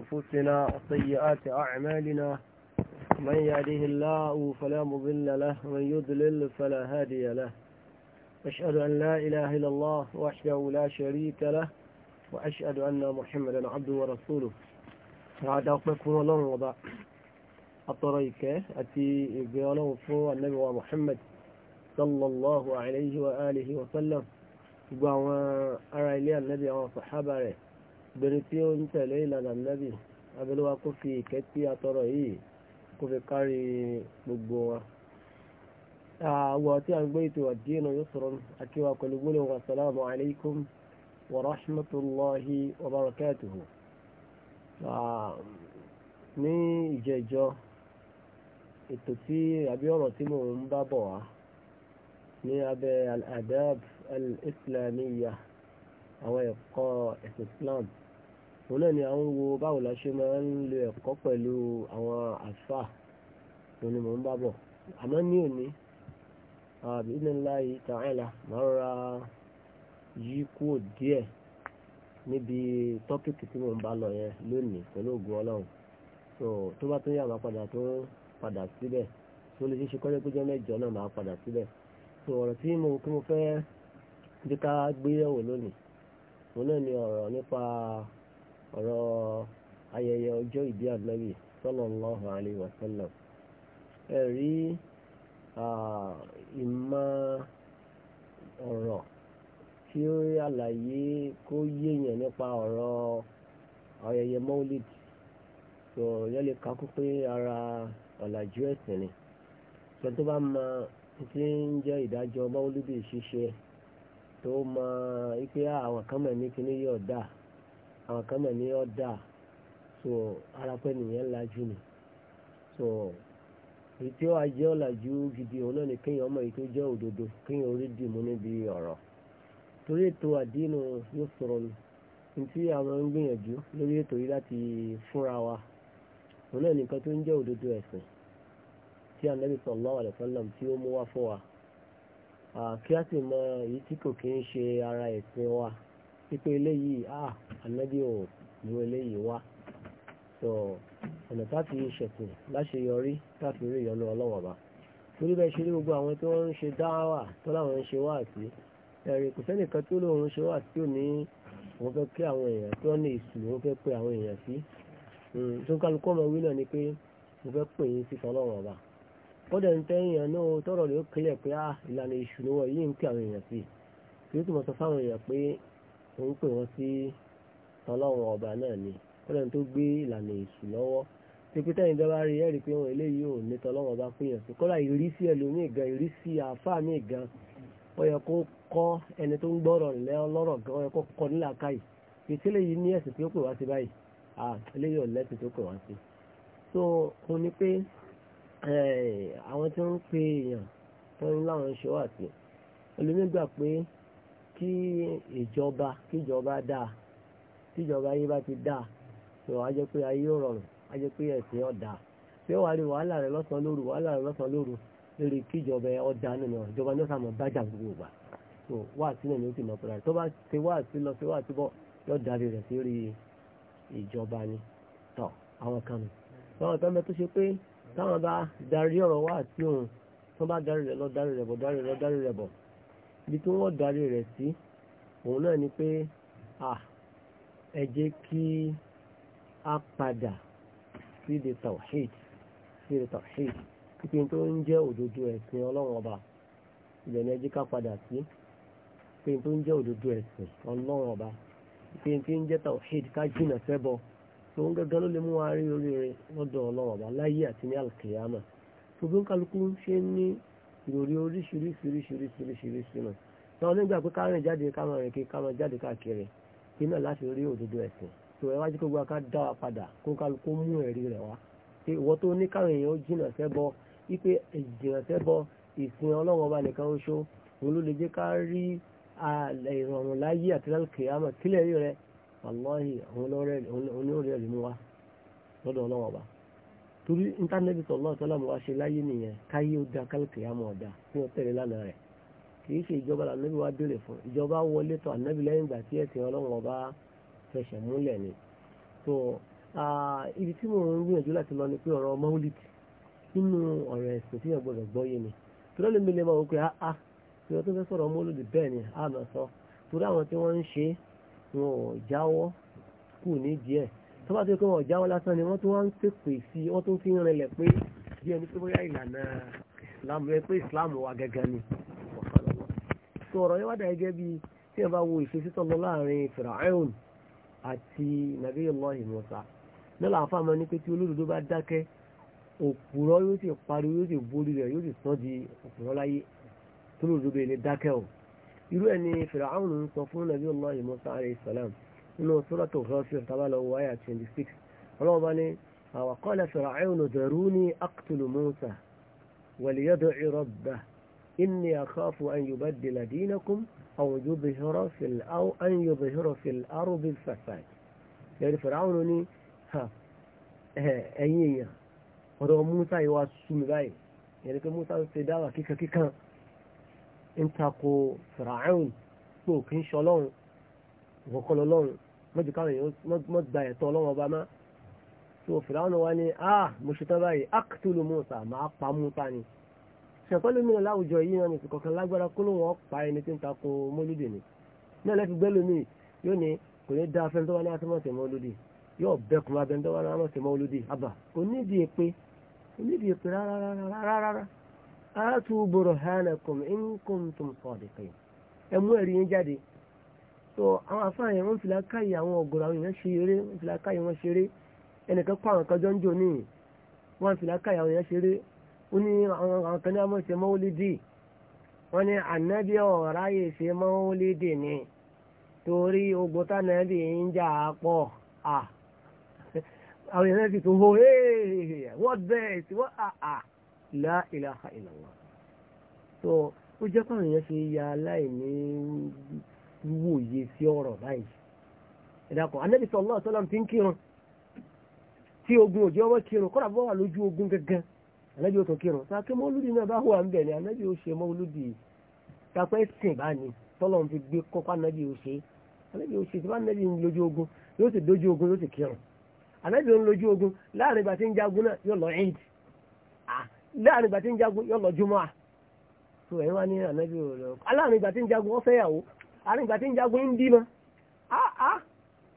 أنفسنا وسيئات أعمالنا من يهده الله فلا مضل له ومن يضلل فلا هادي له أشهد أن لا إله إلا الله وحده لا شريك له وأشهد أن محمدا عبده ورسوله بعد أقبلكم الله وضع الطريقة التي يبيانه النبي محمد صلى الله عليه وآله وسلم وعلى أرى إليه النبي وصحابه obìnrin tí ó ń tẹ̀lé ìlànà nẹ́bì abẹ́lẹ́wà kó fi ìkẹ́ tí a tọrọ yìí kó fi kárí gbogbo wa. tí a ń gbé ètò àdínà yóò sọ̀rọ̀ akíwa pẹ̀lú gbólóhùn asalaamu alaykum wa rahmatulahi wa barakatuhu. ní ìjẹ́jọ́ ètò tí àbí ọ̀rọ̀ tí mò ń al-adab al àwọn ẹ̀kọ́ ẹ̀sìn òun náà ni à ń wo báwo la ṣe máa ń lo ẹ̀kọ́ pẹ̀lú àwọn àfà òun ni mò ń bá bọ̀ àmọ́ ní òní àbíníláyìí tààlà máa ń ra yí kúrò díẹ̀ níbi tọ́pìkì tí mò ń bá lọ yẹn lónìí pẹ̀lú ògùn ọlọ́run so tó bá tún yà máa padà tó padà síbẹ̀ tó lè ṣeéṣe kọ́jọ́ pé jẹ́ mẹ́jọ náà máa padà síbẹ̀ so ọ̀rọ̀ tí mo kí mo fẹ́ bí ká gbé yẹ̀wò lónìí òun náà ni ọ̀rọ̀ nípa ọ̀rọ̀ ayẹyẹ ọjọ́ ìbí ànábì sallallahu alaihi wasallam ẹ̀rí ìmọ̀ ọ̀rọ̀ tí ó rí àlàyé kó yéèyàn nípa ọ̀rọ̀ ayẹyẹ mọ́wúlìd tó yẹ lè kakú pé ara ọ̀làjú ẹ̀sìn ni tó bá mọ ń jẹ́ ìdájọ́ mọ́wúlìd ṣíṣe tó mọ ipe àwọn kan mọ̀ ní kíní yóò àwọn kan náà ní ọ̀dà so ara pẹ́ nìyẹn lajú ni so èyí tí ó wá jẹ́ ọ̀làjú gidi òun náà ni kéèyàn ọmọ èyí tó jẹ́ òdodo kéèyàn orí dì mú níbi ọ̀rọ̀ torí ètò àdínú yóò sọ̀rọ̀ ní tí àwọn ń gbìyànjú lórí ètò yìí láti fúnra wa òun náà nìkan tó ń jẹ́ òdodo ẹ̀sìn tí anabi sallallahu alaihi wasallam tí ó mú wá fún wa kí a sì mọ èyí tí kò kí ń ṣe ara ẹ̀sìn wa pípé eléyìí à ah, ànábì ò ju eléyìí wá tó ọ̀nà táfi ṣẹ̀kù láṣeyọrí táfi rí ìyọnu ọlọ́wọ́ bá torí bẹ́ẹ̀ ṣe rí gbogbo àwọn tí wọ́n ń ṣe dáwà tó láwọn ń ṣe wá àti ẹ̀rí kò sẹ́nìkan tó lóun ṣe wá àti òní òun fẹ́ pé àwọn èèyàn tí wọ́n ní ìsù òun fẹ́ pé àwọn èèyàn sí hmm, tó kálukú ọmọ wí náà ni pé mo fẹ́ pè yín sí tọ́lọ́wọ́ ọba kọ́dẹ̀ ń tẹ́yìn náà tọ́rọ̀ rẹ̀ ó kílẹ̀ pé ah, ìlànà ìṣù ni wọ́n yìí ń pè àwọn èèyàn sí kí ó sì mọ̀ sọ fáwọn èèyàn pé ó ń pè wọ́n sí ọlọ́run ọba náà ni kọ́lẹ̀ tó gbé ìlànà èṣù lọ́wọ́ pípẹ́ tẹ́yìn bá rí ẹ̀rí pé wọn eléyìí ò ní tọ́lọ́run ọba pé yàn sí kọ́lá ìrísí ẹlòmíì gan ìrísí àáfàá mi gan ó yẹ kó kọ́ ẹni tó ń gbọ́rọ̀ lẹ́ ọlọ́rọ̀ gan ó yẹ kó kọ́ nílà káyì ìtìlẹ̀ yìí ní ẹ̀sìn ah eléyìí ò lẹ́sìn tó pè so mo ní pé àwọn tí wọ́n ń pe èèyàn tó ń láwọn ṣọ́ àti kí ìjọba kíjọba dáa tíjọba ayé bá ti dáa tó a jẹ́ pé ayé ó rọrùn a jẹ́ pé ẹ̀sìn ọ̀dà pé wàá rí wàhálà rẹ lọ́sàn-án lóru wàhálà rẹ lọ́sàn-án lóru lórí kíjọba ọ̀dà nínú ọ̀rọ̀ ìjọba ní ọ̀sán bájà gbogbo ìgbà tó wáàsí náà ni ó ti mọ̀ pẹ̀lú tó bá ti wáàsí lọ sí wáàsí bọ̀ yóò darí rẹ̀ sí orí ìjọba ni tọ́ àwọn kan nù. àwọn kan bẹ tó ṣe pé táwọn bá darí ọ̀rọ̀ wáàsí òun tó bá darí rẹ̀ lọ darí rẹ̀ bọ̀ darí rẹ̀ lọ darí rẹ̀ bọ̀ ibi tí wọ́n darí rẹ̀ sí òun náà ni pé ẹ jẹ́ kí a padà sí the tawhid sí the tawhid pípé tó ń jẹ́ òdodo ẹ̀sìn ọlọ́run ọba ibẹ̀ ni ẹ jẹ́ ká padà sí pípé tó ń jẹ́ òdodo ẹ̀sìn ọlọ́run ọba pípé tó ń jẹ́ tawhid ká jìnà sẹ́bọ tó ń gẹ́gẹ́ ló lè mú wa ìròrí oríṣiríṣi oríṣiríṣi oríṣiríṣi nù tí wọn nígbà pé kárìn jáde káwọn rìn kí káwọn jáde káàkiri kí náà láti rí òdodo ẹ̀sìn tó ẹ wájú gbogbo aká dá wa padà kó kálukú mú ẹ̀rí rẹ̀ wá pé ìwọ tó ní kárìn yẹn ó jìnà sẹ́bọ wípé ìjìnà sẹ́bọ ìsìn ọlọ́wọ́n ọba nìkan oṣó òun ló lè jẹ́ ká rí ìrọ̀rùn láyé àti lálùkè àmọ̀ kílẹ̀ rí rẹ̀ wàlọ́ọ̀hì òun ló rẹ̀ lè mú wa lọ́dọ̀ ọlọ́wọ́n ọba torí íńtánẹ́ẹ̀tì sallallahu alaihi wasallam ṣe láyé nìyẹn káyé ó da kálukì àmọ́ ọ̀dà kí wọ́n tẹ̀lé lánàá rẹ̀ kì í ṣe ìjọba lànàbí wa béèrè fún ìjọba wọlé tọ̀ ànàbí lẹ́yìn ìgbà tí ẹ̀sìn ọlọ́run ọba fẹsẹ̀ múlẹ̀ ni tó ibi tí mo ń gbìyànjú láti lọ ni pé ọ̀rọ̀ maulit nínú ọ̀rọ̀ ẹ̀sìn tí yẹn gbọdọ̀ gbọ́ yé ni torí ó lè mi lè máa wọ pé tó fẹ́ ni á máa sọ torí àwọn tí wọ́n ń ṣe wọn ò jáwọ́ kù ní tó bá tó kí wọ́n jáwọ́ lásán ni wọ́n tó wá ń pèpè sí wọ́n tó fi ń rinlẹ̀ pé bí ẹni tó bóyá ìlànà islam rẹ pé islam wà gẹ́gẹ́ ni tó ọ̀rọ̀ yẹn wá dà gẹ́gẹ́ bí tí wọ́n bá wo ìfesítọ́ lọ láàrin firaun àti nàbí Allahi Musa nílò àfàmọ́ ní pé tí olódodo bá dákẹ́ òpùrọ́ yóò sì pariwo yóò sì borí rẹ̀ yóò sì sọ́ di òpùrọ́ láyé tó olódodo bẹ́ẹ̀ ni dákẹ́ o irú ẹ̀ firaun ń sọ fún nàbí Allahi Musa alayhi salam nínú sọ́rọ̀tò rọ́fíọ̀ tábàlọ́ wáyà 26 ọlọ́wọ́ bá ní àwọn qala fir'aun dharuni aqtulu Musa waliyad'i rabbahu inni akhafu an yubaddila dinakum aw yudhhira fil aw an yudhhira fil ardi fasad yẹ́rì fir'aun ní ẹ̀yìn èèyàn ọ̀dọ̀ Musa yìí wá súnmi báyìí yẹ́rì pé Musa ń ṣe mọ́jú káwọn èèyàn mọ́ gba ẹ̀tọ́ ọlọ́wọ́ ọba má tó fìlànà wa ni a ah, mo ṣe tán báyìí akitulu musa máa pa musa ni ṣẹ̀kọ́lù mìíràn láwùjọ yìí náà nìsí kankan lágbára kó ló wọ́n pa ẹni tí ń ta ko mọ́lúdì ni náà lẹ́fi gbẹ́lú mi yóò ní kò ní dá afẹ́ńtọ́ wa ní atọ́mọ̀tẹ̀ mọ́lúdì yóò bẹ́kùn abẹ́ńtọ́ wa ní atọ́mọ̀tẹ̀ mọ́lúdì àbà kò nídìí kò nídìí èpè rárá so àwọn afáà yẹn wọ́n fi làákàyè àwọn ọ̀gọ̀rọ̀ àwọn èèyàn ṣeré wọ́n fi làákàyè wọn ṣeré ẹnìkan kọ́ àwọn kan jọ ń jò ní wọ́n fi làákàyè àwọn èèyàn ṣeré ó ní àwọn kan ní àmọ́ ṣe mọ́wólídì wọ́n ní ànábì ọ̀rá yìí ṣe mọ́wólídì ni torí ogun tánàbì ń jà á pọ̀ à àwọn èèyàn ti tó hó what best what ah ah la ilaha illallah so ó jẹ́ pàrọ̀ yẹn ṣe ya aláìní wò yé sí ọ̀rọ̀ báyìí ìdàkọ̀ anábì sallallahu alaihi ti ń kírun tí ogun òjò ọwọ́ kírun kọ́ra bọ́ wà lójú ogun gangan anabi ó tún kírun tá a mọ́lúdì náà bá wà ń bẹ̀ ni anabi ó ṣe mọ́lúdì tapẹ́ sìn bá ní ń fi gbé kọ́kọ́ anábì ó ṣe anábì ó ṣe tí wọ́n ń lójú ogun yóò sì ogun yóò sì kírun anábì ń ogun láàrin ìgbà tí ń jagun eid láàrin ìgbà tí ń jagun yóò lọ àárín ìgbà tí ń jagun ń bímọ áá ah, ah.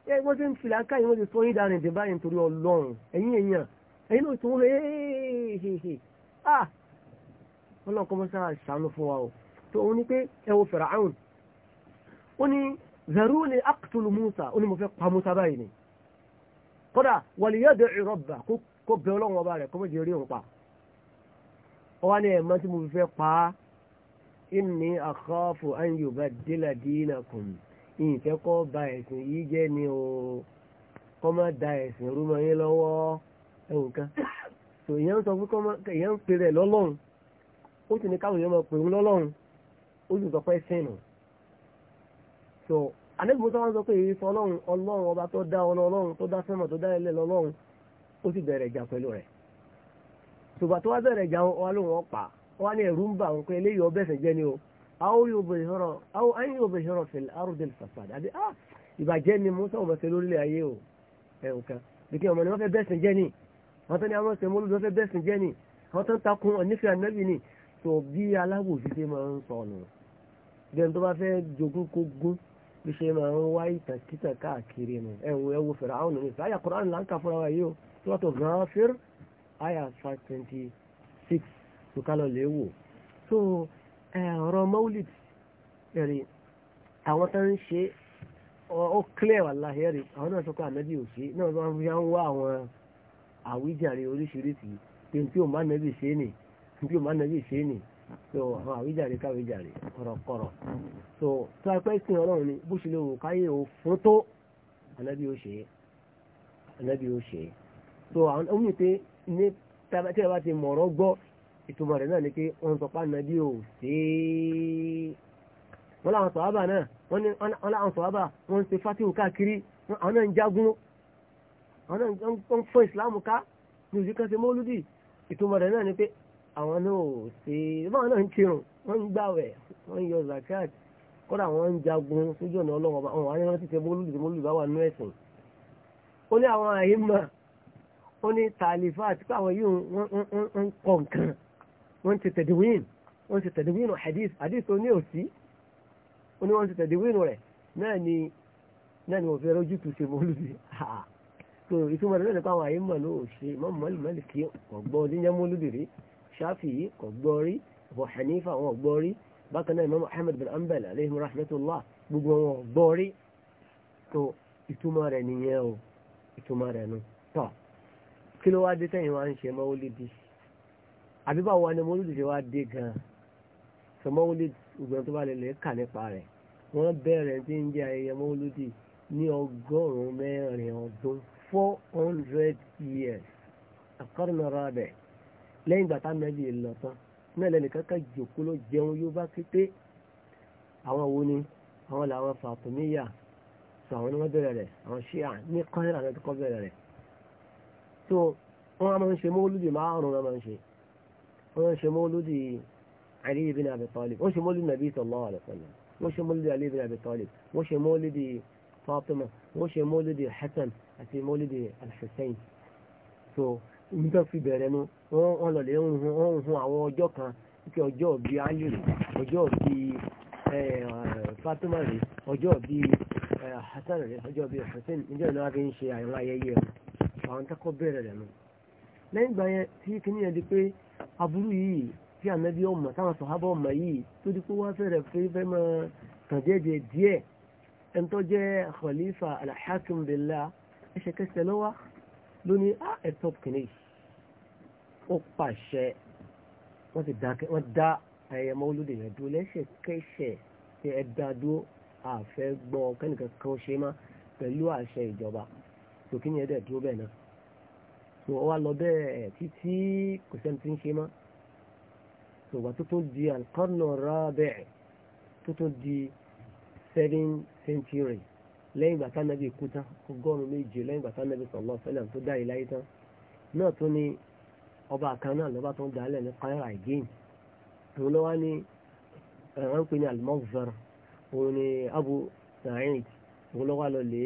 ẹ wọ́n ti ń fìlà ká yìí wọ́n ti sọ yín dárin dè báyìí nítorí ọlọ́run ẹ̀yin èèyàn ẹ̀yin náà tó ń rẹ ẹ́ẹ́ẹ́ẹ́ẹ́ à wọ́n náà kọ́ mọ́ sáà ṣàánú fún wa o tó o ní pé ẹ wo Fáráò ó ní zaruni aqtulu Musa ó ní mo fẹ́ pa Musa báyìí ni kódà waliyad'u rabba kó bẹ ọlọ́run ọba rẹ̀ kó mọ̀ jẹ́ rí òun pa ọ wá ní ẹ̀ mọ́ tí mo fi fẹ́ pa á inni akhafu an yubaddila dinakum ìfẹ́ kọ́ ba ẹ̀sìn yìí jẹ́ ni o kọ́ má da ẹ̀sìn rúmọ yín lọ́wọ́ ẹ̀wọ̀n kan so ìyẹn ń sọ fún ìyẹn ń pè rẹ̀ lọ́lọ́run ó sì ní káwọn èèyàn máa pè ń lọ́lọ́run ó sì sọ pé sínú so àdébùmọ́ tó wá ń sọ pé ìfọ́ ọlọ́run ọlọ́run ọba tó dá ọlọ́ ọlọ́run tó dá sẹ́mọ̀ tó dá ilẹ̀ lọ́lọ́run ó sì bẹ̀rẹ̀ ìjà pẹ̀lú rẹ̀ ṣùgbọ́n tó wá bẹ̀rẹ̀ ìjà wọn lóun ọ̀pá wọ́n ní ẹ̀rú ń bà wọn pé eléyìí ọbẹ̀ ẹ̀sẹ̀ jẹ́ ni o àwọn yóò bẹ̀ sọ̀rọ̀ àwọn ayé yóò bẹ̀ sọ̀rọ̀ fil ardil fasad àbí ah ìbàjẹ́ ni musa wọn fẹ́ lórílẹ̀ ayé o ẹ̀ nǹkan bíkẹ́ ọmọ ni wọ́n fẹ́ bẹ́sìn jẹ́ ni wọ́n tán ni àwọn ọ̀sẹ̀ mọ́lúdọ́ fẹ́ bẹ́sìn jẹ́ ni wọ́n tán takun ọ̀nífẹ́ anábì ni tó bí aláwòsí ṣe máa ń sọ ọ̀nà bẹ́ẹ̀ tó bá fẹ́ jogún kógún bí máa ń wá ìtàn títàn káàkiri nù ẹ̀wọ̀n ẹ̀wọ̀ fẹ̀rẹ̀ àwọn ọ̀nà ìfẹ́ àyà Kùránì là ń kà fúnra wa yìí o tó wà tó Ghafir àyà five twenty six tó ká lọ lè so eh, ọ̀rọ̀ maulid ẹ̀rí àwọn tó ń ṣe ó clear wallahi ẹ̀rí àwọn náà sọ pé ànábì ò ṣe náà wọ́n fi ń wá àwọn àwíjàre oríṣiríṣi pé n tí ò má nàbì ṣe nì n tí ò má nàbì ṣe nì so àwọn àwíjàre káwíjàre kọ̀rọ̀kọ̀rọ̀ so tó a pẹ́ ọlọ́run ni bó ṣe lè wò káyé ò fún tó ànábì ò ṣe ànábì ò ṣe so àwọn ọmọ mi pé ní tí a bá ti mọ̀ọ́rọ́ gbọ́ ìtumọ̀ rẹ̀ náà ni pé wọ́n sọ pé ànábì ò sí wọ́n láwọn sọ̀hábà náà wọ́n láwọn sọ̀hábà wọ́n ń ṣe fatihu káàkiri àwọn náà ń jagun àwọn náà ń fọ́ ìsìláàmù ká ní òsì kan ṣe mọ́lúdì ìtumọ̀ rẹ̀ náà ni pé àwọn náà ò sí báwọn náà ń tirun wọ́n ń gbàwẹ̀ wọ́n ń yọ zakat kódà wọ́n ń jagun sójú ọ̀nà ọlọ́wọ́ bá wọn wọ́n ti ṣe mọ́lúdì ṣe mọ́lúdì ní wọ́n ti tẹ̀díwìn wọ́n ti tẹ̀díwìn hadith hadith oní òsì oní wọ́n ti tẹ̀díwìn rẹ̀ náà ni náà ni wọ́n fi rọ́jú tù ṣe mọ́lùdì so ìtumọ̀ rẹ̀ nípa àwọn àyèmọ̀ ló ṣe mọ́mọ́lì mọ́lìkì kò gbọ́ oníyẹ́ mọ́lùdì rí ṣáfì yìí kò gbọ́ rí Abu Hanifa wọn gbọ́ rí bákan náà Imam Ahmad bin Hanbal aleyhim rahmatullah gbogbo wọn gbọ́ rí so ìtumọ̀ rẹ̀ nìyẹn o ìtumọ̀ rẹ̀ nù tọ́ kí ló wá dé tẹ́yìn wá ń ṣe mọ́lùdì àbíbá wa ni mọ́lúdì ṣe wá dé gan-an sọ mọ́lúdì ògbọ́n tó bá lè lè kà nípa rẹ̀ wọ́n bẹ̀rẹ̀ tí ń jẹ́ ayẹyẹ mọ́lúdì ní ọgọ́rùn-ún mẹ́rin ọdún four hundred years àkọ́rùnmọ́ra rẹ̀ lẹ́yìn ìgbà táwọn ẹbí lọ tán náà lẹ́nu kankan jòkó ló jẹun yóò bá kété àwọn wo ni àwọn làwọn fàtúmíyà sọ àwọn ni wọ́n bẹ̀rẹ̀ rẹ̀ àwọn ṣíà ní kọ́ńtà náà ti kọ́ bẹ̀rẹ̀ rẹ̀ so wọ́n máa ń ṣe mọ́lúdì márùn-ún máa ń ṣe wọ́n ṣe mọ́lúdì Ali ibn Abi Talib wọ́n ṣe mọ́lúdì nàbí sallallahu alaihi wasallam wọ́n ṣe mọ́lúdì Ali ibn Abi Talib wọ́n ṣe mọ́lúdì Fatima wọ́n ṣe mọ́lúdì Hasan àti mọ́lúdì Al-Hussein so nígbà fi bẹ̀rẹ̀ nu wọ́n lọ lè ń hun àwọn ọjọ́ kan kí ọjọ́ bíi Ali ọjọ́ bíi Fatima rè ọjọ́ bíi Hasan rè ọjọ́ bíi Hussein níjọ́ ìlú wa fi ń ṣe àyẹ̀wò ayẹyẹ àwọn takọ́ bẹ̀rẹ̀ rẹ̀ nu lẹ́yìn ìgbà yẹn tí kìnìyàn di pé aburú yìí tí ànábì ọmọ táwọn sọ̀hábà ọmọ yìí tó di pé wọ́n fẹ́rẹ̀ fẹ́ fẹ́ máa tàjẹ́jẹ díẹ̀ ẹni tó jẹ́ khalifa alhakim billah ẹsẹ̀kẹsẹ̀ lọ́wọ́ lóní ah, ẹ̀tọ́ kìíní ó pàṣẹ wọ́n ti dá ẹ̀yẹ mọ́lódé rẹ̀ dúró lẹ́sẹ̀kẹsẹ̀ tí ẹ dá dúró àfẹ́ gbọ́ kẹ́nìkan kan ṣe má pẹ̀lú àṣẹ ìjọba tòkí ni dúró bẹ́ẹ̀ náà so ọ wá lọ bẹ́ẹ̀ títí kò sẹ́ni tí ń ṣe mọ́ so wà tó tún di alqarnu rabi' tó tún di seven century lẹ́yìn ìgbà tánábì kú tán ọgọ́rùn-ún méje lẹ́yìn ìgbà tánábì sallallahu alaihi wasallam tó dá ìláyé tán náà tún ni ọba kan náà lọ́ba tó ń dalẹ̀ ní Cairo again òun ló wá ẹ̀rọ ń pè ní al òun ni Abu Sa'id òun ló lọ lè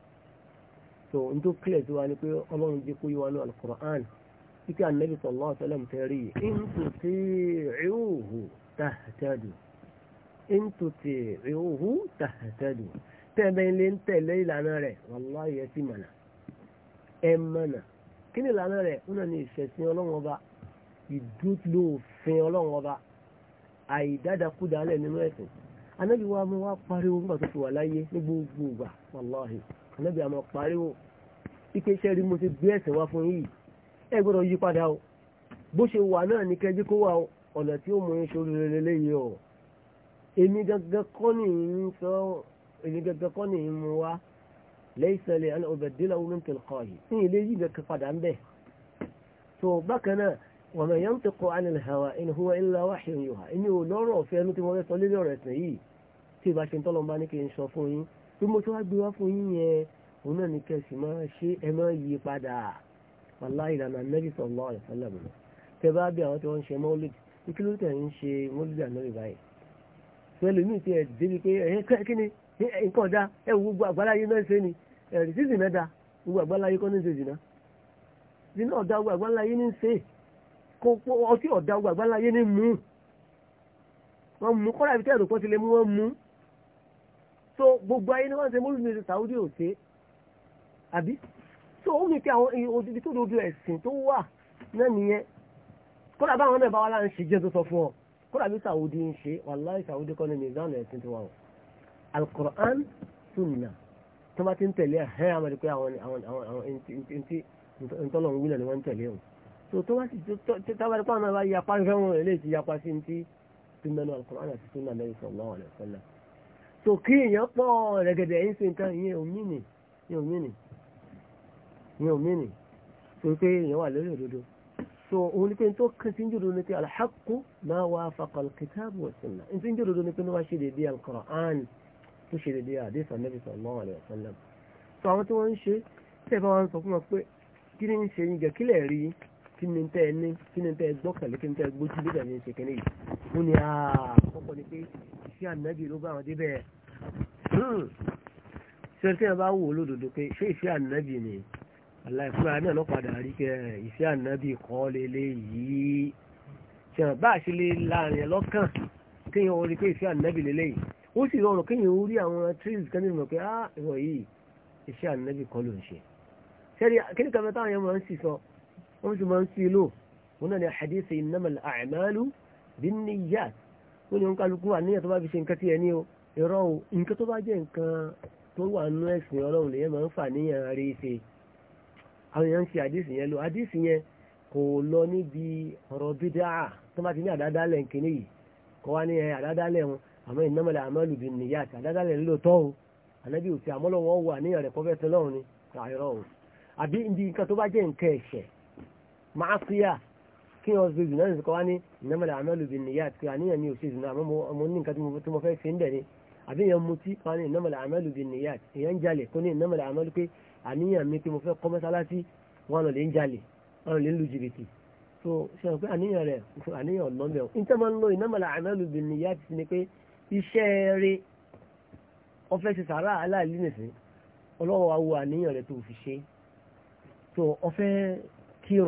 so n tó kílẹ̀ sí wa ni pé ọlọ́run jẹ́ kó yí wa ní alukur'an kíkẹ́ anabi sallallahu alaihi wasallam tẹ́rí in tuti'uhu tahtadu in tuti'uhu tahtadu tẹ́ẹ̀bẹ́ ilé ń tẹ̀lé ìlànà rẹ̀ wàláhì ẹ mọ̀nà ẹ kí ni ìlànà rẹ̀ ìṣẹ̀sìn ọlọ́run ọba ìdúró ọlọ́run ọba ẹ̀sìn mú pariwo nígbà tó fi wà láyé ní gbogbo ànábì àmọ́ pariwo ike iṣẹ́ rí mo ti gbé ẹ̀sìn wá fún yìí ẹ gbọ́dọ̀ yí padà o bó ṣe wà náà ní kẹjú kó wà ọ̀nà tí ó mú yín ṣorí rere léyìí o èmi gangan kọ́ ni ń sọ èmi gangan kọ́ ni ń mu wá lẹ́yìn sẹ́lẹ̀ àná ọbẹ̀ délà omi ń kọ́ yìí ní ilé yìí gẹ̀kẹ́ padà ń bẹ̀ tó bákan náà wa ma yantiqu anil hawa in huwa illa wahyun yuha èmi ò lọ́rọ̀ ọ̀fẹ́ ẹnu tí wọ́n fẹ́ sọ lórí ọ̀rọ̀ ẹ̀sìn yìí tí ìbá ṣe ń tọ́lọ́ bí mo ṣe wá gbé wá fún yín yẹn òun náà ní kẹsì máa ṣe ẹ máa yí padà wàlá ìlànà nẹ́bí sallallahu alaihi wasallam tẹ bá bí àwọn tí wọ́n ń ṣe mọ́lìd nítorí ló tẹ̀ ń ṣe mọ́lìd ànábì báyìí pẹ̀lú mi ti ẹ̀ débi pé ẹ̀yẹ kíni nǹkan ọ̀dà ẹ̀ wo gbogbo àgbáláyé náà ṣe ni ẹ̀rì sísì mẹ́ta gbogbo àgbáláyé kọ́ ní ṣe jìnnà so gbogbo ayé ni wọ́n ń ṣe mọ́lúdì ní Saudi ò ṣe àbí so ó ní pé àwọn ibi tó dodo ẹ̀sìn tó wà náà nìyẹn kódà báwọn náà bá wà láà ń ṣe jẹ́ tó sọ fún ọ kódà bí Saudi ń ṣe wàláì Saudi kọ́ ni nìzánù ẹ̀sìn tó wà o Al-Qur'an Sunnah tó bá ti ń tẹ̀lé ẹ̀hẹ́ àwọn ẹ̀dẹ́gbẹ́ àwọn ìtọ́lọ̀ ń wílẹ̀ ni wọ́n ń tẹ̀lé o tó tó bá sì tábàdí pàmò bá yapa fẹ́ràn eléyìí ti yapa sí ti tó mẹ́nu Al-Qur'an àti Sunnah Nabi sallallahu alaihi wasallam so kí èèyàn pọ̀ rẹ̀gẹ̀dẹ̀ yìí ṣe nǹkan ìyẹn omi nì ìyẹn omi nì ìyẹn so pé èèyàn wà lórí òdodo so òun ni pé tó kàn sí njòdodo ni pé alḥaqu ma wafaqa al-kitabu wa sunnah n tí njòdodo ni pé ní wàá ṣe dédé al-Qur'an tó ṣe dédé hadith Nabi sallallahu alayhi wa so àwọn tí wọ́n ń ṣe tẹ́ bá wọn sọ fún wọn pé ni ń ni tẹ́ ẹ ni tẹ́ ẹ gbọ́kànlé kí ni tẹ́ sí ànábì ló bá wọn débẹ̀ hmm. ṣe tí wọn bá wò ó lódodo pé ṣé ìfẹ́ ànábì ni aláìfúra náà ló padà rí kẹ eh, ìfẹ́ ànábì kọ́ lélẹ̀ yìí ṣe bá a ṣe lè láàrin ẹ̀ lọ́kàn kéèyàn orí pé ìfẹ́ ànábì lélẹ̀ yìí ó sì rọrùn kéèyàn orí àwọn trees kan nínú pé ah ìwọ yìí iṣẹ́ ànábì kọ́ ló ń ṣe ṣẹ́ni kíni kan mẹ́ta àwọn yẹn máa ń sì sọ wọ́n sì máa ń sí ó ní oníkálukú àníyàn tó bá fi ṣe nǹkan tí ẹ ní o ìrọ o nǹkan tó bá jẹ́ nǹkan tó wà nínú ẹ̀sìn ọlọ́run lèyẹn máa ń fà níyàn rí ṣe àwọn èèyàn ń ṣe àdìsí yẹn lò àdìsí yẹn kò lọ níbi ọ̀rọ̀ bídà tó bá ti ní àdádálẹ̀ nkíní yìí kọ́ wá ní ẹ àdádálẹ̀ wọn àmọ́ ìnámọ̀lẹ̀ àmọ́lù bí nìyá àti àdádálẹ̀ ńlò tọ́ o ànábì òsì àmọ́lọ́wọ́ wà níyàn rẹ̀ pọ́fẹ́sẹ̀ lọ́run ni àìrọ̀ o àbí ibi nǹkan tó bá jẹ́ nǹkan ẹ̀ṣẹ̀ máa fíyà kí wọ́n ṣe zùnà nìkan wá ní ìnámọ̀lẹ̀ àmọ́lù bí nìyà àti àníyàn mi ò ṣe zùnà àmọ́ mo ní nǹkan tí mo fẹ́ ṣe ń bẹ̀ ni àbí èèyàn mutí wá ní ìnámọ̀lẹ̀ àmọ́lù bí nìyà èèyàn jalè kó ní ìnámọ̀lẹ̀ àmọ́lù pé àníyàn mi tí mo fẹ́ kọ́ mọ́sálásí wọn lọ lè ń jalè wọn lè ń lu jìbìtì so ṣe hàn pé àníyàn rẹ̀ àníyàn lọ́mẹ̀ o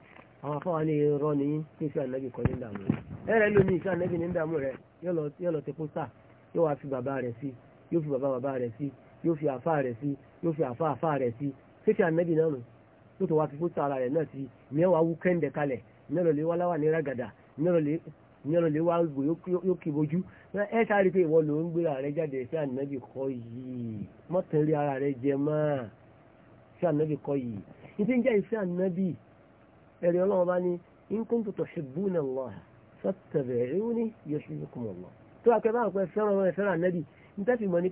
àwọn ni ní irọ́ ní fífẹ́ ànábì kan ní ìdààmú rẹ̀ ẹ̀rẹ́ lómi ìfẹ́ ànábì ní ìdààmú rẹ̀ yóò lọ ti pósà yóò wá fi bàbá rẹ̀ sí yóò fi bàbá bàbá rẹ̀ sí yóò fi àfá rẹ̀ sí yóò fi àfá àfá rẹ̀ sí náà ara rẹ̀ náà sí ìyẹn wú kẹ́ńdẹ̀ kalẹ̀ ìyẹn ní rágàdà ìyẹn Eri ọlọ́run bá ní in kuntum tuhibbuna Allah fattabi'uni yuhbibkum Allah tó ni ànábì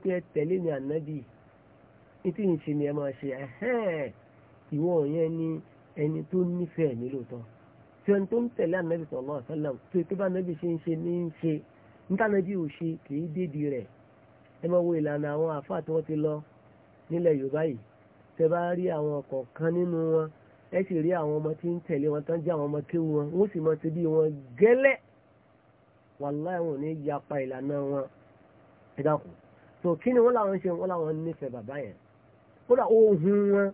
ṣe ẹ̀hẹ́n ìwọ yẹn ni ẹni tó nífẹ̀ẹ́ mi lóòótọ́ tí ẹni tó ń tẹ̀lé ànábì sallallahu alaihi wasallam tó ètò bá ànábì ṣe ń ṣe ṣe ẹ sì rí àwọn ọmọ tí ń tẹ̀lé wọn tán jẹ́ àwọn ọmọ kéwu wọn wọ́n sì mọ ti bí wọn gẹ́lẹ́ wàláì wọn ò ní yapa ìlànà wọn ẹ dákun so kí ni wọ́n làwọn ṣe wọ́n làwọn nífẹ̀ẹ́ bàbá yẹn kódà ohun wọn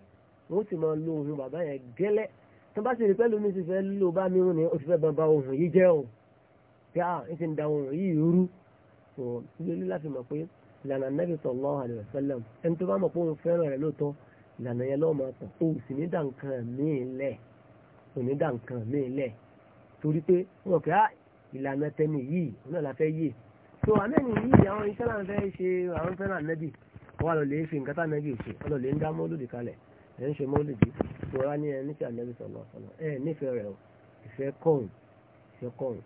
wọ́n sì máa lo ohun bàbá yẹn gẹ́lẹ́ tó bá sì rí pẹ́lú mi ti fẹ́ lò bá mi ní o ti fẹ́ bàbá ohun yìí jẹ́ o pé à ah, ń ti da ohun yìí rú so ilé láti mọ̀ pé ìlànà Nabi sallallahu alaihi wasallam ẹni tó bá mọ̀ pé òun fẹ́ràn rẹ̀ lóòótọ́ ìlànà yẹn lọ́mọ tán o sì ní dà nǹkan míì lẹ̀ o ní dà nǹkan míì lẹ̀ torí pé wọn kì á ìlànà tẹni yìí wọn náà la fẹ́ yé so àmẹ́ni yìí àwọn iṣẹ́ là ń fẹ́ ṣe àwọn fẹ́ràn ànábì wọn lọ lè fi nǹkan tá ànábì ṣe wọn lọ lè ń dá mọ́lódì kalẹ̀ ẹ̀ ń ṣe mọ́lódì tó wá ní ẹni tí ànábì sọ̀rọ̀ ọ̀sán ẹ̀ nífẹ̀ẹ́ rẹ̀ o ìfẹ́ kọ̀ọ̀n ìfẹ́ kọ̀ọ̀n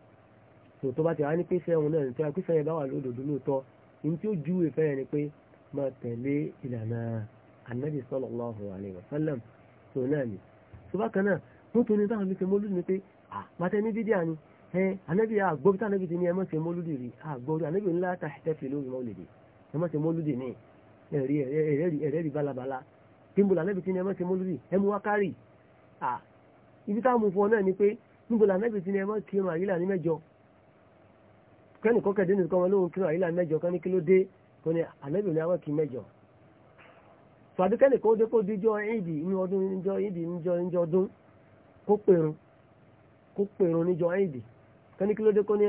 so tó bá ti wá ní pèsè ẹ̀hún náà nítorí pèsè ẹ̀ bá wà lódodo lóòótọ́ ní tí ó ju ìfẹ́ yẹn ni pé máa tẹ̀lé ìlànà anabi sallallahu alayhi wa sallam tó náà ni tó bá kan náà wọ́n tó ní táwọn fi ṣe mọ́lúdì ni pé àpàtẹ ní bídíà ni anabi àgbọ̀ bí táwọn fi ní ẹ má ṣe mọ́lúdì rí àgbọ̀ rí anabi ńlá tàṣítẹ́fì lórí mọ́lúdì ẹ má ṣe mọ́lúdì ní ẹ̀rẹ́rì balabala kíńbùlà anabi ti ní ẹ má ṣe mọ́lúdì ẹ mú wákárì ibi táwọn mú fún ọ náà ni pé níbùlà anabi ti ní ẹ má kí ẹ má rí là ní mẹ́jọ kẹ́nìkọ́kẹ́dé nìkan wọn lóhun kí ẹ má mẹ́jọ kán ní kí ló dé kó ní anabi ní àwọn kí mẹ́jọ tàbí kẹ́nìkan ó dé kó díjọ́ ìdì ní ọdún níjọ́ ìdì níjọ́ níjọ́ ọdún kó pèrún kó pèrún níjọ́ ìdì kẹ́ni kí ló dé kó ní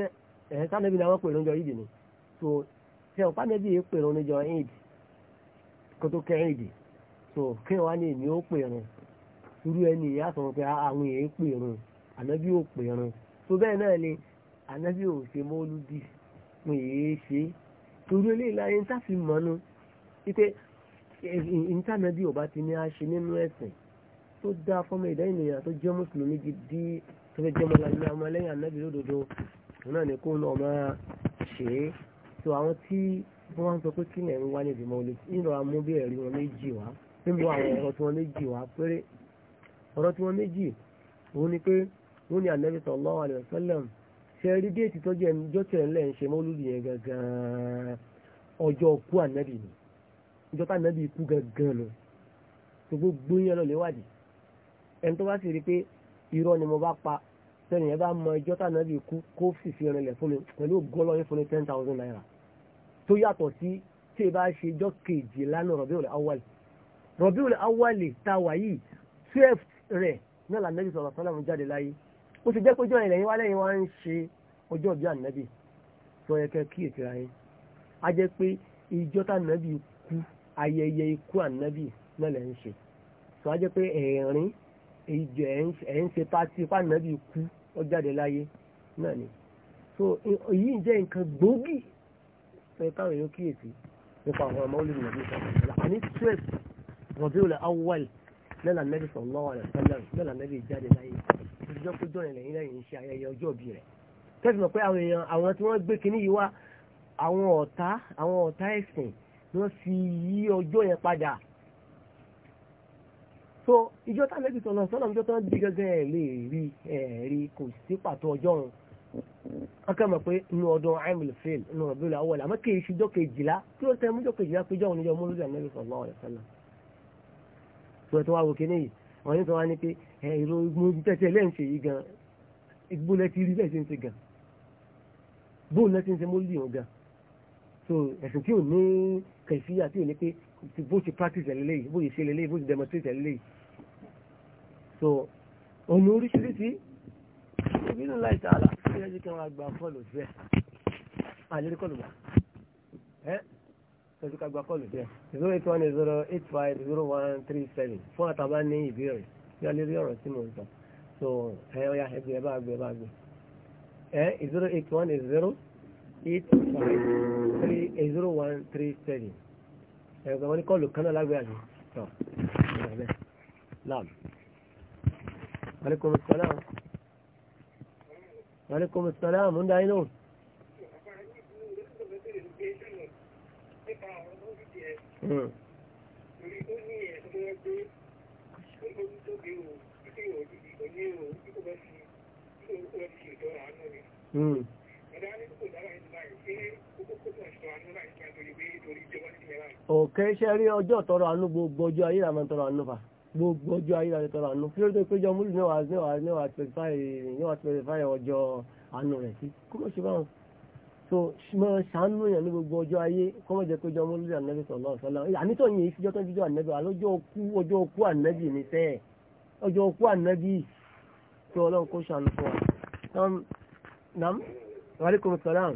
ẹ̀ẹ́ sánẹ́bí làwọn pèrún níjọ́ ìdì ni so ṣe ọ̀pá nẹ́bí yìí pèrún níjọ́ ìdì kó tó kẹ́ ìdì so kí wọ́n á ní èmi ó pèrún irú ẹni ìyá sọ pé ah, àwọn èèyàn pèrún ànábí ò pèrún so bẹ́ẹ̀ náà ni ànábí ò ṣe mọ́lúdì mo yèé ṣe torí eléyìí láyé ń sáfì ìntánẹ́bí ọba ti ní a ṣe nínú ẹ̀sìn tó dá fọ́mọ ìdá ènìyàn tó jẹ́ mùsùlùmí gidi tó fẹ́ jẹ́ mọ́láyé ọmọlẹ́yìn ànábì lódodo òun náà ní kó náà máa ṣe é tó àwọn tí wọ́n wá ń sọ pé kí lẹ̀ ń wá ní ìdìmọ̀ olè nínú amú bí ẹ̀rí wọn méjì wá nínú àwọn ọ̀rọ̀ tí wọ́n méjì wá péré ọ̀rọ̀ tí wọ́n méjì òun ni pé wọ́n ní ànábì sallallahu alaihi ìjọ tá nàbí ikú gangan lọ tó gbogbo yẹn lọ léwádìí ẹni tó bá sì rí pé irọ́ ni mo bá pa sẹ́ni yẹn bá mọ ìjọ tá nàbí ikú kó fìfì rinlẹ̀ fún mi pẹ̀lú gọ́lọ́ yín fún mi ten thousand naira tó yàtọ̀ sí tí ì bá ṣe ìjọ kejì lánàá Rabiul Awwal Rabiul Awwal tá wà yìí twelve rẹ̀ náà lànàbí sọ̀rọ̀ sọ́lá mu jáde láyé ó ti jẹ́ pé ọjọ́ ìlẹ̀yìn wálé yìí wá ń ṣe ọjọ́ ìbí ànàbì sọ yẹ kẹ́ ayẹyẹ ikú ànábì náà lẹ́ ń ṣe tó wá jẹ́ pé ẹ̀rín ìjọ ẹ̀ ń ṣe pátí pànábì kú ó jáde láyé náà ni so èyí jẹ́ nǹkan gbòógì sọ káwọn èèyàn kíyèsí nípa àwọn ọmọ olùdíje nàbí sọ àní twelve rọ̀bíùlẹ̀ awọ́ẹ̀lì lẹ́la nẹ́bí sallallahu alaihi wasallam lẹ́la nẹ́bí jáde láyé ìjọ kó jọ̀rìn lẹ́yìn lẹ́yìn ń ṣe ayẹyẹ ọjọ́ òbí rẹ̀ tẹ́sí mọ̀ pé àwọn èèyàn àwọn tí wọ́n gbé kinní yìí wá àwọn ọ̀tá àwọn ọ̀tá ẹ̀sìn wọ́n fi yí ọjọ́ yẹn padà so ìjọ tá lẹ́bi sọ̀nà sọ́nà ìjọ tó ń di gẹ́gẹ́ ẹ̀ lè rí ẹ̀ rí kò sí pàtó ọjọ́ òun akẹ́mọ̀ pé inú ọdún amil fail inú ọdún ìlú awọ́lẹ̀ àmọ́ kì í ṣe jọ́kejìlá kí ló tẹ́ mú jọ́kejìlá pé jọ́hún níjọ́ mọ́lúdì àmì ẹ̀rọ sọ̀lọ́ ọ̀rẹ́ sọ́nà tó ẹ̀ tó wá wò kíní yìí wọ́n ní sọ wá ní pé ẹ̀ ìró igbó lẹ́ ti so ẹ̀sìn tí kẹ̀síyà tí ò ní pé bó ti practice ẹ̀ lélẹ́yìí bó ti ṣe lélẹ́yìí bó ti demonstrate ẹ̀ so ọ̀nà oríṣiríṣi ibi nínú láì tààlà tí ẹ jẹ́ kí wọ́n gba fọ́ọ̀lù bẹ́ẹ̀ àlérí kọ́ọ̀lù gbà ẹ́ ẹ̀sùn ká gba kọ́ọ̀lù bẹ́ẹ̀ zero eight one zero eight five zero one three seven fún àtàbá ní ìbéèrè bí a lè rí ọ̀rọ̀ tí mo ń sọ so ẹ ọ̀ya ẹgbẹ́ ẹ bá gbé ẹ bá gbé ẹ zero eight one zero eight five three zero one three seven ẹ̀rọ wọn ni kọ́ọ̀lù kan náà lágbé àjò tọ̀ ẹ̀rọ lam aleykum salaam aleykum salaam ń dáyé náà. Mm mm. kẹ́ iṣẹ́ rí ọjọ́ tọrọ àánú gbogbo ọjọ́ ayé làmọ́ tọrọ àánú fa gbogbo ọjọ́ ayé làmọ́ tọrọ àánú kí ló dé péjọ múlù níwà níwà níwà tẹ̀sífáì níwà tẹ̀sífáì ọjọ́ àánú rẹ̀ sí kó ló ṣe báwọn. so mọ ṣàánú yẹn ní gbogbo ọjọ́ ayé kó mọ̀ jẹ́ péjọ múlù ní ànábì sọ̀lọ́ sọ́lá àmì tó yẹn ìfijọ́ tó ń fijọ́ ànábì àlọ́jọ́ òkú ọjọ́ òkú ànábì ní sẹ́ẹ̀ ọjọ́ òkú ànábì tó nam alaikum salaam.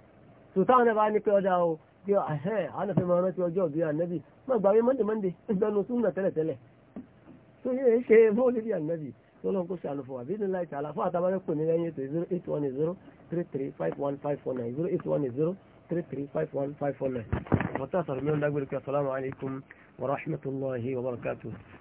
sùtáwọn náà bá ní pé ọjà o bí ahẹ́ àánàfẹ́ máa rántí ọjọ́ ìbí ànábì máa gbà wí mọ́ndé mọ́ndé ẹgbẹ́nu súnmọ́ tẹ́lẹ̀tẹ́lẹ̀ tó yẹ ṣe mọ́lẹ́dí ànábì tó lọ́n kó ṣe àlùfọ̀ àbí ní láìsí àlàfọ́ àtàwọn pè ní lẹ́yìn ètò zero eight one zero three three five one five four nine zero eight one zero three three five one five four nine. ọ̀tá sọ̀rọ̀ mi ń dágbére kí asalaamualeykum wa rahmatulahi wa barakatuh.